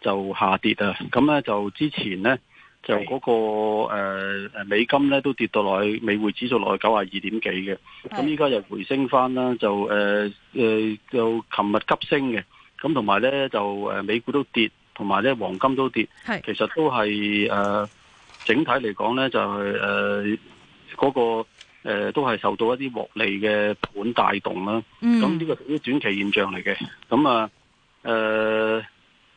就下跌啊！咁咧就之前咧就嗰、那個誒誒、呃、美金咧都跌到落去，美匯指數落去九啊二點幾嘅。咁依家又回升翻啦，就誒誒、呃呃、就琴日急升嘅。咁同埋咧就誒美股都跌，同埋咧黃金都跌。是其實都係誒、呃、整體嚟講咧就係誒嗰個誒、呃、都係受到一啲獲利嘅盤帶動啦。咁呢、嗯、個屬於短期現象嚟嘅。咁啊誒。呃呃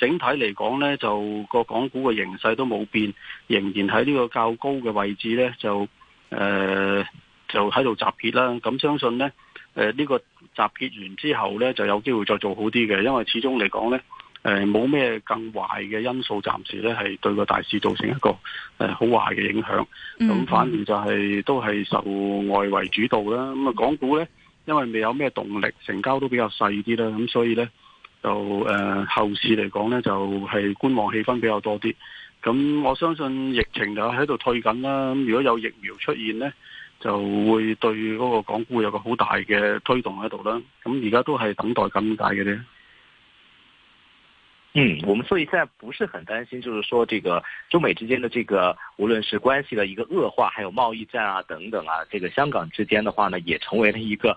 整體嚟講呢就個港股嘅形勢都冇變，仍然喺呢個較高嘅位置呢，就誒、呃，就喺度集結啦。咁相信呢，誒、呃、呢、這個集結完之後呢，就有機會再做好啲嘅。因為始終嚟講呢誒冇咩更壞嘅因素，暫時呢係對個大市造成一個誒好壞嘅影響。咁反而就係、是、都係受外圍主導啦。咁啊，港股呢，因為未有咩動力，成交都比較細啲啦。咁所以呢。就誒、呃、後市嚟講呢就係、是、觀望氣氛比較多啲。咁我相信疫情就喺度退緊啦。咁如果有疫苗出現呢，就會對嗰個港股有個好大嘅推動喺度啦。咁而家都係等待咁解嘅咧。嗯，我們所以現在不是很擔心，就是說這個中美之間的這個無論是關係的一個惡化，還有貿易戰啊等等啊，這個香港之間的話呢，也成為了一個。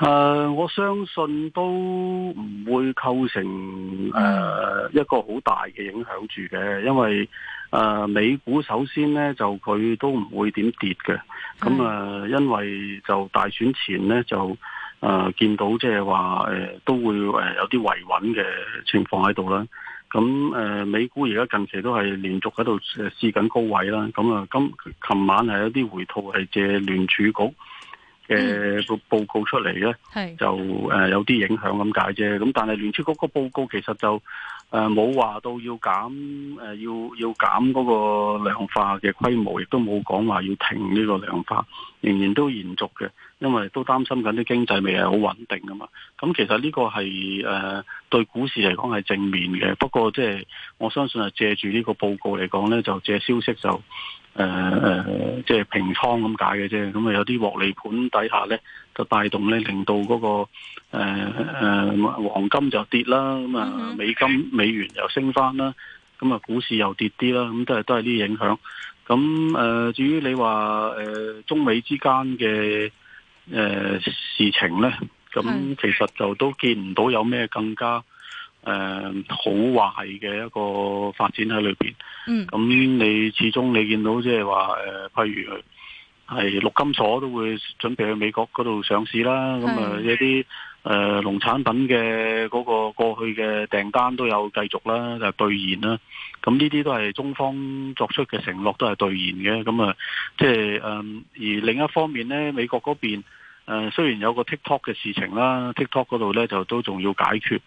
誒、呃，我相信都唔會構成誒、呃、一個好大嘅影響住嘅，因為誒、呃、美股首先咧就佢都唔會點跌嘅，咁、嗯、誒、呃、因為就大選前咧就誒、呃、見到即係話誒都會誒有啲維穩嘅情況喺度啦，咁、嗯、誒、呃、美股而家近期都係連續喺度誒試緊高位啦，咁、嗯、啊今琴晚係有啲回吐係借聯儲局。嘅個、嗯、報告出嚟咧，是就誒、呃、有啲影響咁解啫。咁但係聯儲局個報告其實就誒冇話到要減誒、呃，要要減嗰個量化嘅規模，亦都冇講話要停呢個量化，仍然都延續嘅。因為都擔心緊啲經濟未係好穩定㗎嘛。咁其實呢個係誒、呃、對股市嚟講係正面嘅。不過即、就、係、是、我相信係借住呢個報告嚟講咧，就借消息就。誒誒、呃呃，即係平倉咁解嘅啫，咁啊有啲獲利盤底下咧，就帶動咧，令到嗰、那個誒誒、呃呃、黃金就跌啦，咁啊美金美元又升翻啦，咁啊股市又跌啲啦，咁都係都係啲影響。咁誒、呃，至於你話誒、呃、中美之間嘅誒事情咧，咁其實就都見唔到有咩更加。誒，好壞嘅一個發展喺裏邊，咁、嗯、你始終你見到即係話，誒，譬如係陸金所都會準備去美國嗰度上市啦，咁啊是，一啲誒農產品嘅嗰個過去嘅訂單都有繼續啦，就兌、是、現啦，咁呢啲都係中方作出嘅承諾，都係兌現嘅，咁啊，即係誒，而另一方面呢，美國嗰邊誒，雖然有個 TikTok 嘅事情啦，TikTok 嗰度呢就都仲要解決。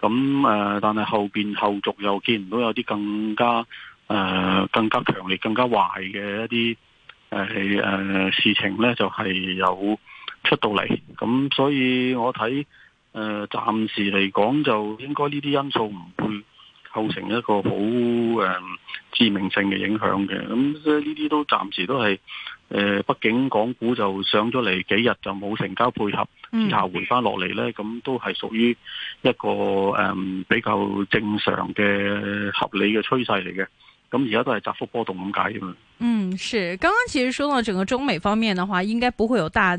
咁誒、呃，但係後邊後續又見唔到有啲更加誒、呃，更加強烈、更加壞嘅一啲誒誒事情咧，就係、是、有出到嚟。咁所以我睇誒，暫、呃、時嚟講就應該呢啲因素唔會構成一個好誒、呃、致命性嘅影響嘅。咁所以呢啲都暫時都係。誒，畢竟、呃、港股就上咗嚟，幾日就冇成交配合之下回翻落嚟咧，咁、嗯、都係屬於一個誒、呃、比較正常嘅合理嘅趨勢嚟嘅。咁而家都係窄幅波動咁解嘅嘛。嗯，是。剛剛其實說到整個中美方面嘅話，應該不會有大。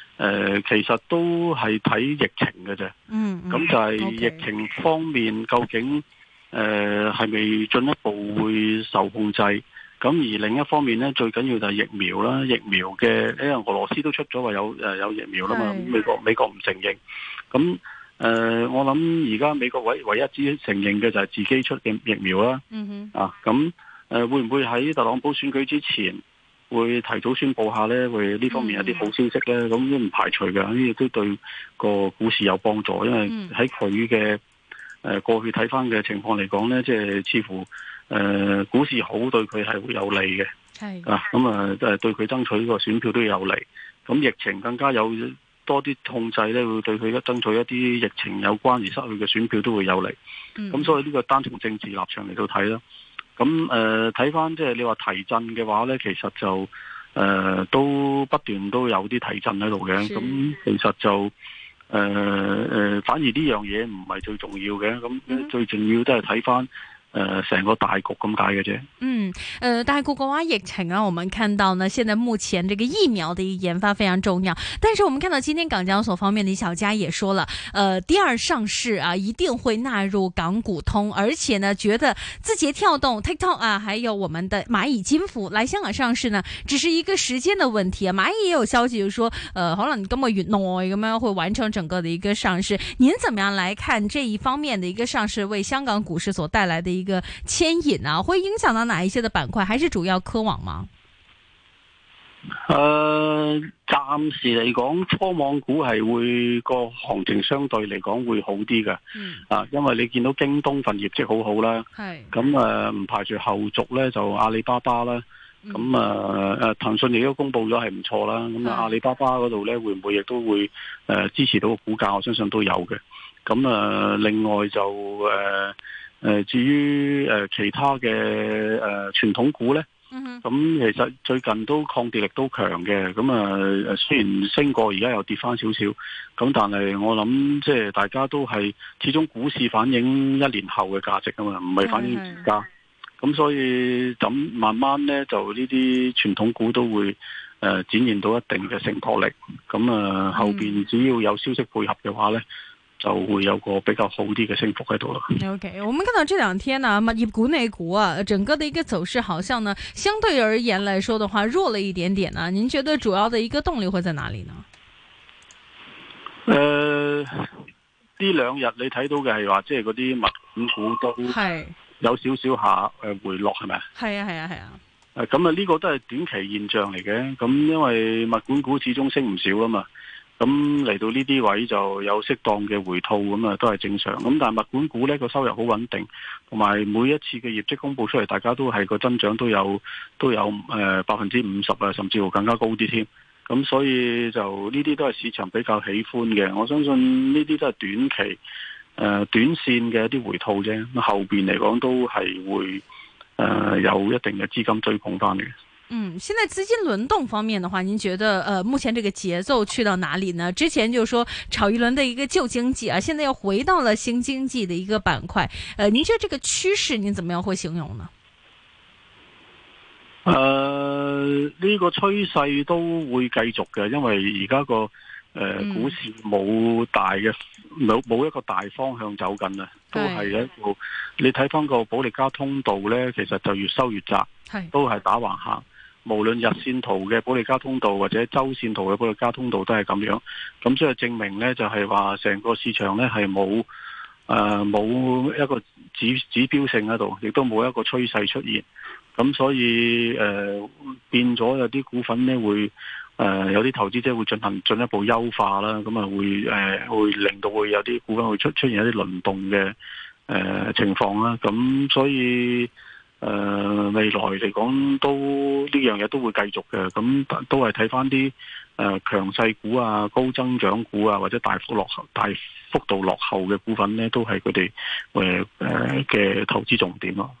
誒、呃，其實都係睇疫情嘅啫，咁、嗯、就係疫情方面、嗯 okay、究竟誒係咪進一步會受控制？咁而另一方面咧，最緊要就係疫苗啦，疫苗嘅，因為俄羅斯都出咗話有誒、呃、有疫苗啦嘛的美，美國美國唔承認，咁誒、呃、我諗而家美國唯唯一只承認嘅就係自己出嘅疫苗啦，嗯、哼啊，咁誒、呃、會唔會喺特朗普選舉之前？會提早宣布下咧，會呢方面有啲好消息咧，咁都唔排除嘅，呢亦都對個股市有幫助，因為喺佢嘅誒過去睇翻嘅情況嚟講咧，即係似乎誒、呃、股市好對佢係會有利嘅，係是啊，咁、嗯、啊、呃、對佢爭取個選票都有利，咁疫情更加有多啲控制咧，會對佢一爭取一啲疫情有關而失去嘅選票都會有利，咁、嗯、所以呢個單從政治立場嚟到睇啦。咁誒睇翻即係你話提振嘅話咧，其實就誒、呃、都不斷都有啲提振喺度嘅。咁是其實就誒誒、呃呃，反而呢樣嘢唔係最重要嘅。咁、呃嗯、最重要都係睇翻。誒，成、呃、個大局咁解嘅啫。嗯，呃但係過往疫情啊，我們看到呢，現在目前這個疫苗的一個研發非常重要。但是我們看到今天港交所方面李小加也說了，呃第二上市啊，一定會納入港股通，而且呢，覺得字節跳動、TikTok 啊，還有我們的螞蟻金服來香港上市呢，只是一個時間的問題啊。螞蟻也有消息，就是說，誒、呃，可能今個月內咁樣會完成整個的一個上市。您怎麼樣來看這一方面的一個上市，為香港股市所帶來的一個？一個牽引啊，會影響到哪一些嘅板塊？還是主要科網嗎？誒、呃，暫時嚟講，科網股係會個行情相對嚟講會好啲嘅。嗯。啊，因為你見到京東份業績好好啦，係是。咁誒、嗯，唔、呃、排除後續咧就阿里巴巴啦。咁、嗯嗯、啊誒，騰訊亦都公布咗係唔錯啦。咁、嗯、啊，是阿里巴巴嗰度咧會唔會亦都會誒支持到個股價？我相信都有嘅。咁、嗯、啊、呃，另外就誒。呃誒、呃，至於誒、呃、其他嘅誒傳統股咧，咁、mm hmm. 嗯、其實最近都抗跌力都強嘅，咁、嗯、啊雖然升過，而家又跌翻少少，咁、嗯、但係我諗即係大家都係始終股市反映一年後嘅價值啊嘛，唔係反映而家，咁、mm hmm. 嗯、所以咁、嗯、慢慢咧就呢啲傳統股都會誒、呃、展現到一定嘅承托力，咁、嗯、啊、嗯、後邊只要有消息配合嘅話咧。就會有個比較好啲嘅升幅喺度啦。O、okay. K，我們看到這兩天啊，物業股內股啊，整個的一個走勢好像呢，相對而言來說的話弱了一點點呢、啊。您覺得主要的一個動力會在哪裏呢？誒、呃，呢兩日你睇到嘅係話，即係嗰啲物管股都有少少下誒回落，係咪是？係吧啊，係啊，係啊。誒、呃，咁啊，呢個都係短期現象嚟嘅。咁因為物管股始終升唔少噶嘛。咁嚟到呢啲位就有適當嘅回吐咁啊，都係正常。咁但係物管股呢個收入好穩定，同埋每一次嘅業績公布出嚟，大家都係個增長都有都有誒百分之五十啊，甚至乎更加高啲添。咁所以就呢啲都係市場比較喜歡嘅。我相信呢啲都係短期誒、呃、短線嘅一啲回吐啫。後面嚟講都係會誒、呃、有一定嘅資金追捧翻嚟嘅。嗯，現在資金輪動方面的話，您覺得，呃，目前這個節奏去到哪裏呢？之前就說炒一輪的一個舊經濟啊，現在又回到了新經濟的一個板塊，呃，您覺得這個趨勢，您怎麼樣會形容呢？呃，呢個趨勢都會繼續嘅，因為而家個誒、呃、股市冇大嘅冇冇一個大方向走緊啊，都係一個對你睇翻個保利加通道呢，其實就越收越窄，係都係打橫行。無論日線圖嘅保利加通道或者周線圖嘅保利加通道都係咁樣，咁所以證明呢就係話成個市場呢係冇誒冇一個指指標性喺度，亦都冇一個趨勢出現。咁所以誒、呃、變咗有啲股份呢會誒、呃、有啲投資者會進行進一步優化啦，咁啊會誒、呃、會令到會有啲股份會出出現一啲輪動嘅誒、呃、情況啦。咁所以。誒、呃，未來嚟講都呢樣嘢都會繼續嘅，咁都係睇翻啲誒強勢股啊、高增長股啊，或者大幅落後、大幅度落後嘅股份呢，都係佢哋誒誒嘅投資重點咯、啊。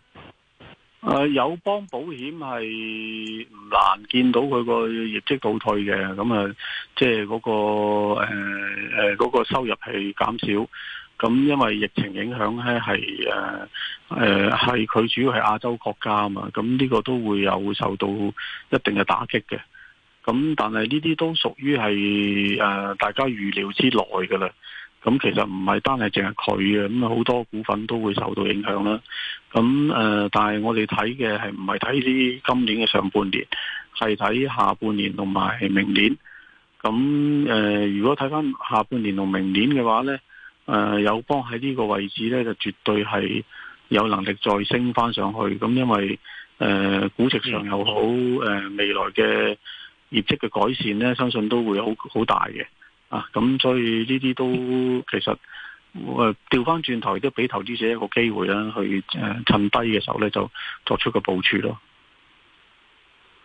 誒，友邦、呃、保險係難見到佢個業績倒退嘅，咁啊、嗰個，即係嗰個誒誒嗰個收入係減少，咁因為疫情影響咧係誒誒係佢主要係亞洲國家啊嘛，咁呢個都會有會受到一定嘅打擊嘅，咁但係呢啲都屬於係誒大家預料之內㗎啦，咁其實唔係單係淨係佢嘅，咁啊好多股份都會受到影響啦。咁誒、呃，但係我哋睇嘅，係唔係睇呢今年嘅上半年，係睇下半年同埋明年。咁誒、呃，如果睇翻下半年同明年嘅話呢，誒友邦喺呢個位置呢，就絕對係有能力再升翻上去。咁因為誒、呃、估值，上又好，誒、呃、未來嘅業績嘅改善呢，相信都會好好大嘅。啊，咁所以呢啲都其實。誒，調翻轉頭都俾投資者一個機會啦，去誒趁低嘅時候咧，就作出個部署咯。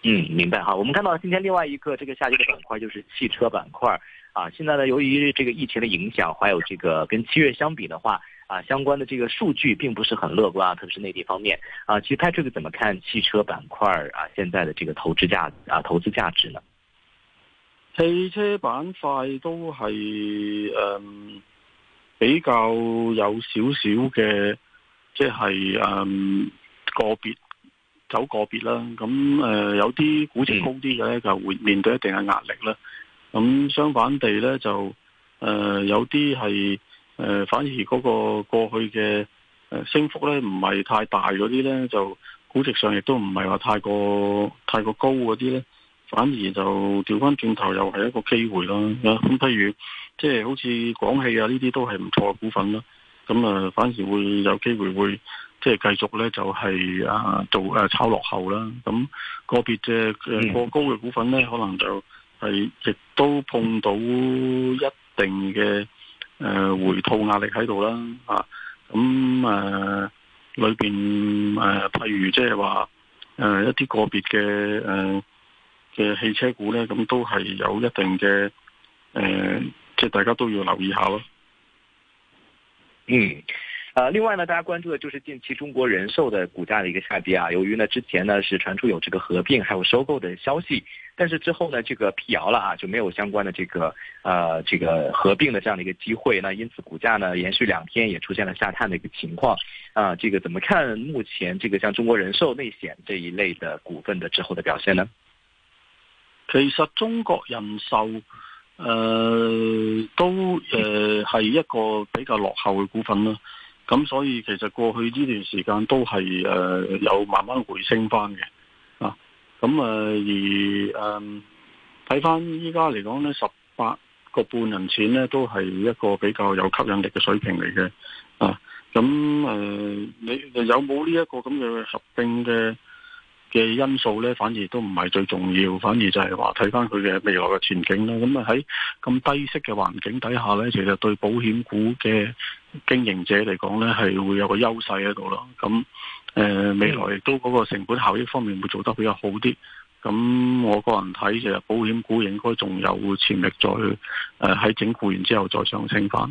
嗯，明白哈。我們看到今天另外一個這個下跌嘅板塊就是汽車板塊啊。現在呢，由於這個疫情的影響，還有這個跟七月相比的話，啊，相關的這個數據並不是很樂觀啊，特別是內地方面啊。其實 Patrick 怎麼看汽車板塊啊，現在的這個投資價啊，投資價值呢？汽車板塊都係。嗯比較有少少嘅，即係嗯個別走個別啦，咁誒有啲估值高啲嘅咧，就會面對一定嘅壓力啦。咁相反地咧，就誒有啲係誒反而嗰個過去嘅誒升幅咧，唔係太大嗰啲咧，就估值上亦都唔係話太過太過高嗰啲咧。反而就調翻轉頭又係一個機會啦，咁譬如即係、就是、好似廣汽啊呢啲都係唔錯嘅股份啦，咁啊反而會有機會會即係繼續咧就係、是、啊做誒、啊、炒落後啦，咁、那個別嘅誒過高嘅股份咧，可能就係、是、亦都碰到一定嘅誒、啊、回吐壓力喺度啦，咁啊，啊裏邊誒、啊、譬如即係話誒一啲個別嘅誒。啊呃汽車股呢，咁都係有一定嘅，誒、呃，即係大家都要留意下咯。嗯，啊、呃，另外呢，大家關注的就是近期中國人壽的股價的一個下跌啊。由於呢之前呢是傳出有這個合併還有收購的消息，但是之後呢，這個闢謠了啊，就沒有相關的這個，呃、這個合併的這樣的一個機會。那因此股價呢，連續兩天也出現了下探的一個情況。啊，這個怎麼看目前這個像中國人壽內險這一類的股份的之後的表現呢？其實中國人壽誒、呃、都誒係一個比較落後嘅股份啦，咁所以其實過去呢段時間都係誒有慢慢回升翻嘅啊，咁啊而誒睇翻依家嚟講咧十八個半人錢咧都係一個比較有吸引力嘅水平嚟嘅啊，咁誒、呃、你有冇呢一個咁嘅合併嘅？嘅因素咧，反而都唔係最重要，反而就係話睇翻佢嘅未來嘅前景啦。咁啊喺咁低息嘅環境底下咧，其實對保險股嘅經營者嚟講咧，係會有個優勢喺度咯。咁誒、呃，未來亦都嗰個成本效益方面會做得比較好啲。咁我個人睇，其實保險股應該仲有潛力再去誒喺整固完之後再上升翻。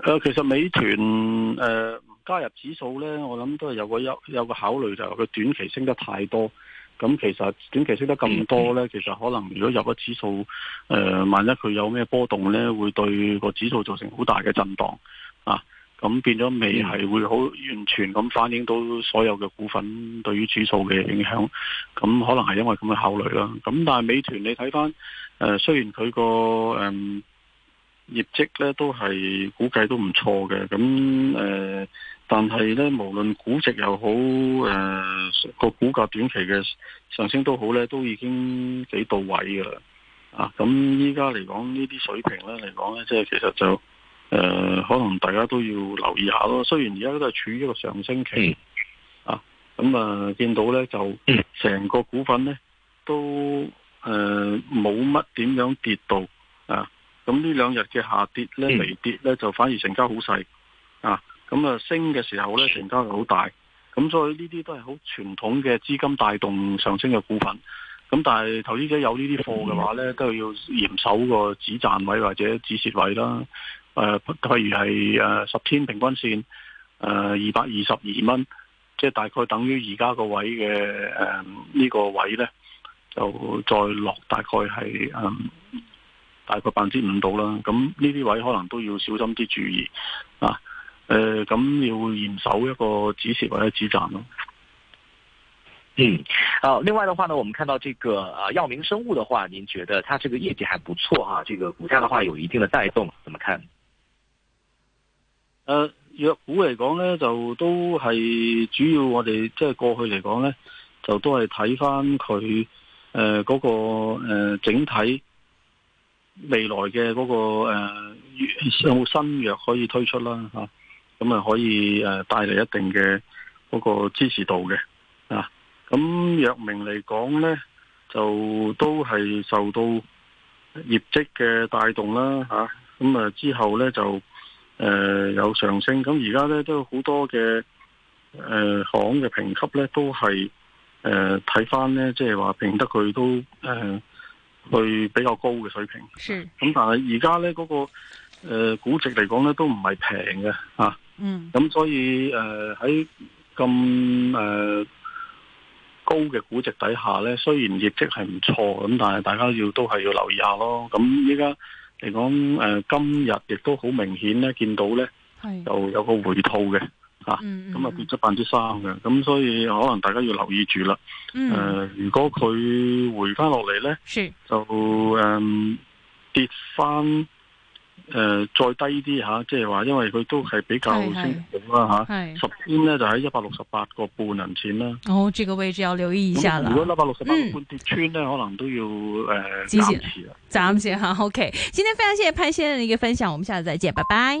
誒、呃，其實美團誒、呃、加入指數咧，我諗都係有個有有個考慮就係佢短期升得太多，咁其實短期升得咁多咧，其實可能如果入咗指數，誒、呃，萬一佢有咩波動咧，會對個指數造成好大嘅震蕩啊，咁變咗未係會好完全咁反映到所有嘅股份對於指數嘅影響，咁可能係因為咁嘅考慮啦。咁但係美團你睇返誒，雖然佢個誒。呃業績咧都係估計都唔錯嘅，咁誒、呃，但係咧無論估值又好誒，個股價短期嘅上升都好咧，都已經幾到位㗎喇。啊，咁依家嚟講，呢啲水平咧嚟講咧，即係其實就誒、呃，可能大家都要留意下咯。雖然而家都係處於一個上升期，啊，咁啊，啊見到咧就成個股份咧都誒冇乜點樣跌到。咁呢兩日嘅下跌咧，微跌咧就反而成交好細啊！咁啊，升嘅時候咧，成交好大。咁所以呢啲都係好傳統嘅資金帶動上升嘅股份。咁但係投資者有貨呢啲貨嘅話咧，都要嚴守個止賺位或者止蝕位啦。誒、呃，譬如係十天平均線誒二百二十二蚊，即、呃、係、就是、大概等於而家個位嘅呢個位咧，就再落大概係大概百分之五到啦，咁呢啲位可能都要小心啲注意啊，誒、呃，咁要嚴守一個止蝕或者止賺咯。啊、嗯，啊，另外的話呢，我們看到這個啊，藥明生物的話，您覺得它這個業績還不錯啊，這個股價的話有一定的帶動，怎麼看？誒、呃，藥股嚟講呢，就都係主要我哋即係過去嚟講呢，就都係睇翻佢誒個誒、呃、整體。未來嘅嗰、嗰個誒，呃、新藥可以推出啦吓，咁啊可以誒帶嚟一定嘅嗰個支持度嘅啊。咁藥明嚟講呢，就都係受到業績嘅帶動啦吓。咁啊之後呢就，就、呃、誒有上升。咁而家呢，都有好多嘅誒、呃、行嘅評級呢，都係誒睇返呢，即係話評得佢都誒。呃對比較高嘅水平，咁是，但係而家呢嗰、嗰個、呃、估值嚟講呢都唔係平嘅吓，嗯，咁所以誒喺咁誒高嘅估值底下呢，雖然業績係唔錯，咁但係大家要都係要留意下咯。咁依家嚟講誒今日亦都好明顯呢，見到呢是就有個回吐嘅。吓，咁啊跌咗百分之三嘅，咁所以可能大家要留意住啦。誒、嗯呃，如果佢回翻落嚟咧，就誒跌翻誒再低啲吓，即係話，因為佢都係比較升幅啦，吓，十天咧就喺一百六十八個半人錢啦。哦，呢個位置要留意一下啦。如果一百六十八個半跌穿咧，嗯、可能都要誒減、呃、持啊。暫時吓，OK。今天非常謝謝潘先生的一個分享，我們下次再見，拜拜。